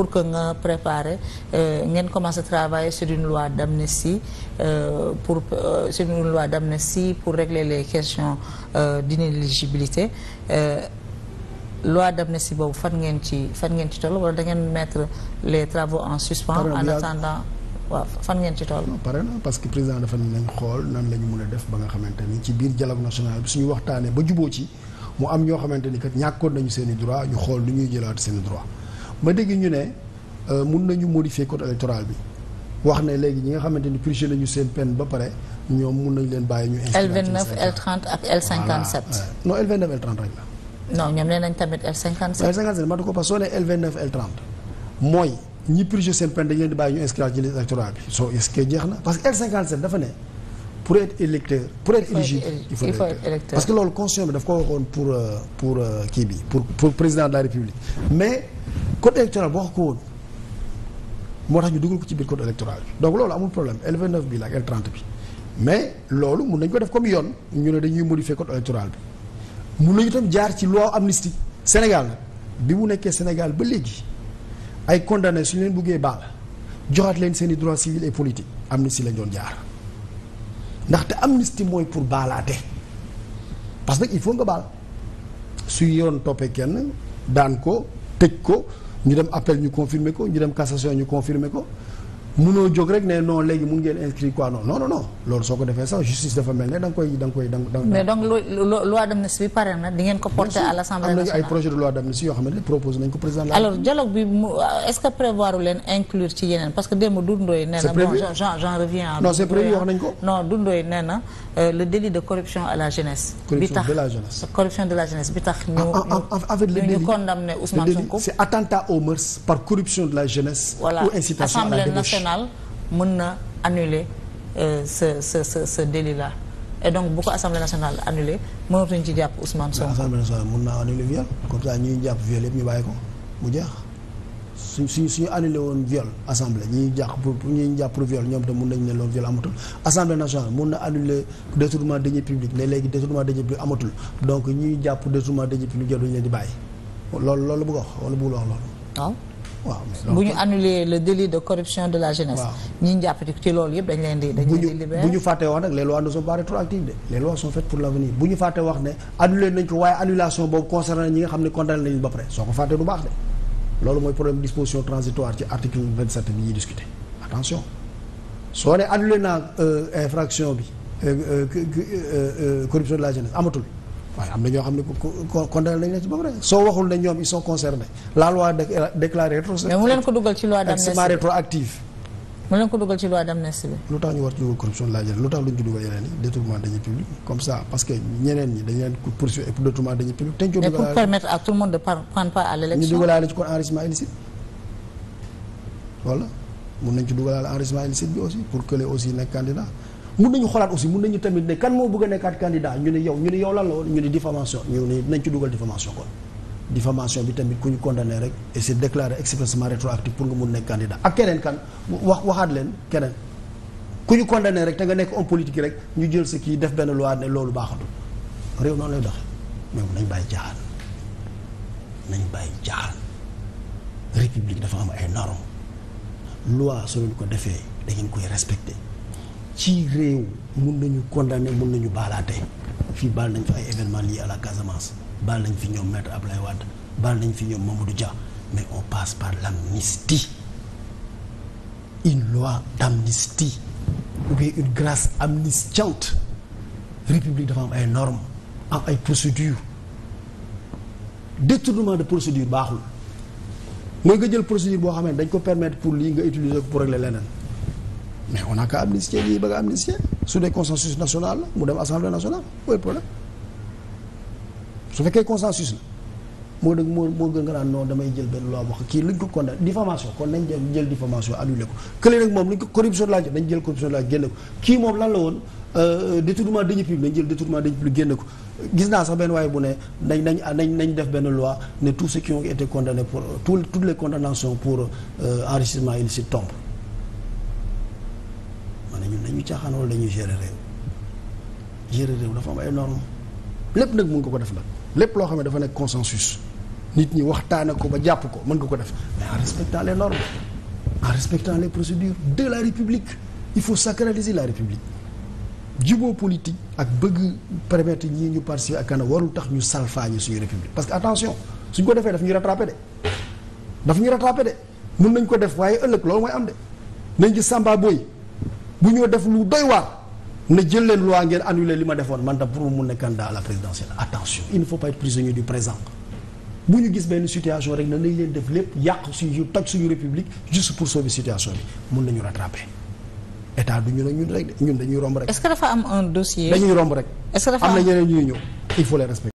pour que nga préparer euh, ngeen commencer travailler sur une loi d'amnistie euh, pour euh, sur une loi d'amnistie pour régler les questions d'inéligibilité loi d'amnistie boobu fan ngeen ci fan ngeen ci toll wala da ngeen mettre les travaux en suspens en attendant waaw fan ngeen ci toll. pare na parce que président dafa ne nañ xool nan la ñu mën a def ba nga xamante ni ci biir dialogue national bi suñu waxtaanee ba juboo ci mu am ñoo xamante ni kat ñàkkoon nañu seen i droit ñu xool lu ñuy jëlaat seen i ma dégg ñu ne euh, mun nañu modifier code électoral bi wax ne léegi ñi nga xamante ni purgé nañu seen peine ba pare ñoom mun nañu leen bàyyi ñu. L29 L30 ak L57. non ne ko parce que soo nee L29 L30 mooy di bàyyi ñu inscrire ci liste électorale bi. soo est-ce jeex na parce que L57 dafa ne. pour être électeur pour être éligible il faut être électeur parce que loolu constitution bi daf ko waxoon pour euh, pour euh, kii bi pour pour président de la république mais code électoral boo ko woon moo tax ñu dugal ko ci biir code électoral bi donc loolu amul problème L29 bi la ak l bi mais loolu mun nañ ko def comme yoon ñu ne dañuy modifier code électoral bi mun nañu jaar ci loi amnistie Sénégal bi mu nekkee Sénégal ba léegi ay condamné su ñu leen buggee baal joxaat leen seen i droits civils et politiques amnistie lañ doon jaar ndaxte amnistie mooy pour baalaate parce que il faut nga baal su yoon toppee kenn daan ko tëj ko ñu dem appel ñu confirmer ko ñu dem cassation ñu confirmer ko mënoo jóg rek ne non léegi mun ngeen inscrit quoi non non non loolu soo ko defee sax justice dafa mel ne da koy da koy da nga. mais donc loi d'amnistie projet de loi d'amnistie yoo xamante ne proposé nañu ko président la. alors dialogue bi mu est-ce que prévoir leen inclure ci yeneen parce que démb Dundoy. nee bon j'en j'en reviens. non c'est prévu wax euh, de corruption à la jeunesse. bi tax corruption de la jeunesse. bi tax. ñu ah, ah, ah, avec le délit nationale mën na annuler euh, ce ce ce ce délit là et donc bu ko assemblée nationale annulé mënatuñ ci jàpp Ousmane Sonko. assemblée nationale mën naa annuler viol comme ça ñuy jàpp viol yëpp ñu bàyyi ko mu jeex suñ suñ suñu annulé woon viol assemblée ñuy jàpp pour ñuy jàpp pour viol ñoom tam mën nañu ne loolu viol amatul. assemblée nationale mën na annulé détournement de deniers publics ne léegi détournement de deniers publics amatul donc ñuy jàpp détournement de deniers publics jotuñu leen di bàyyi loolu loolu bëgg wax wala bëggul wax loolu. waaw bu ñu annuler le délit de corruption de la jeunesse. ñi ñu jàppati ci loolu yëpp dañ leen di. dañ leen di libéré bu ñu fàttee wax nag les lois ne sont pas rétroactives de les lois sont faites pour l' avenir bu ñu fàttee wax ne annulé nañ ko waaye annulation boobu concerne ñi nga xam ne condamné nañu ba pare soo ko fàttee du baax de loolu mooy problème disposition transitoire ci article 27 bi ñuy discuter attention soo ne annulé naa euh, infraction bi euh, euh, corruption de amatul. waaye am na ñoo xam ne condamné nañ leen ci ba pare soo waxul ne ñoom ils sont concernés la loi déclarée rétroactive. mais mu leen ko dugal ci loi d'amnistie bi rétroactive. bi. lu tax ñu war ci dugal corruption laa jël lu tax lu ñu ci dugal yeneen yi détournement dañuy public comme ça parce que ñeneen ñi dañ leen poursuivre et pour détournement public. te ñu ci dugal mais pour permettre à tout le monde de prendre part kon enrichissement illicite voilà mun nañ ci dugalaale enrichissement illicite bi mun nañu xoolaat aussi mun nañu tamit ne kan moo bëgg a nekkaat candidat ñu ne yow ñu ne yow lan la woon ñu ne diffamation ñu ne nañ ci dugal diffamation kon diffamation bi tamit ku ñu condamné rek et c'est déclaré expressément rétroactif pour nga mun nekk candidat ak keneen kan wax waxaat leen keneen ku ñu condamné rek te nga nekk homme politique rek ñu jël si kii def benn loi ne loolu baaxatul réew noonu lay doxee mais nañ bàyyi jaaxal nañ bàyyi jaaxal république dafa am ay normes loi su leen ko defee da ngeen koy respecté ci réew mun nañu condamner mun nañu baalaate fii bal nañ fi ay événements liés à la Casamance baal nañ fi ñoom ab Ablaye Wade baal nañ fi ñoom Mamadou Dia mais on passe par l'amnistie une loi d'amnistie ou bien une grâce amnistiante république dafa am ay normes am ay procédures détournement de procédure baaxul mooy nga jël procédure boo xam ne dañ ko permettre pour lii nga utiliser ko pour régler leneen. mais on n'a qu'à amnistier lii ba nga amnistier su dee consensus national la mu dem assemblée nationale mooy problème su fekkee consensus la moo dëgg moo moo gën nga naan non damay jël benn loi wax kii luñ ko condamné diffamation kon nañ jël diffamation annulé ko moom luñ ko corruption de la jël corruption de la génne ko kii moom lan la woon euh, euh, détournement dañu public dañ jël détournement dañu public génne ko gis naa sax benn waaye bu ne nañ nañ def benn loi ne tous ceux qui ont été condamnés pour tout toutes les condamnations pour euh, enrichissement illicite caaxaan wala dañuy gérer réew gérer réew dafa am ay normes lépp nag mën nga ko def nag lépp loo xam ne dafa nekk consensus nit ñi waxtaane ko ba jàpp ko mën nga ko def mais en respectant les normes en respectant les procédures de la République il faut sacraliser la République jubóo politique ak bëgg permettre ñii ñu participer ak kana warul tax ñu salfaañe suñu République parce que attention suñ ko defee daf ñu rattrapé de daf ñu rattrapé de mën nañ ko def waaye ëllëg loolu mooy am de nañ gis Samba bu ñoo def lu doy waar na jël leen loi ngeen annuler li ma defoon man tam pour mu mun ne candidat à la présidentielle attention il faut pas être prisonnier du présent bu ñu gis benn situation rek na nañ leen def lépp yàq suñu toj suñu république juste pour sauver situation bi mun nañu rattraper état du ñu ne ñun rek ñun dañuy romb rek. est dafa am un dossier. dañuy romb rek. est-ce am na ñeneen ñuy ñëw il faut les respecter.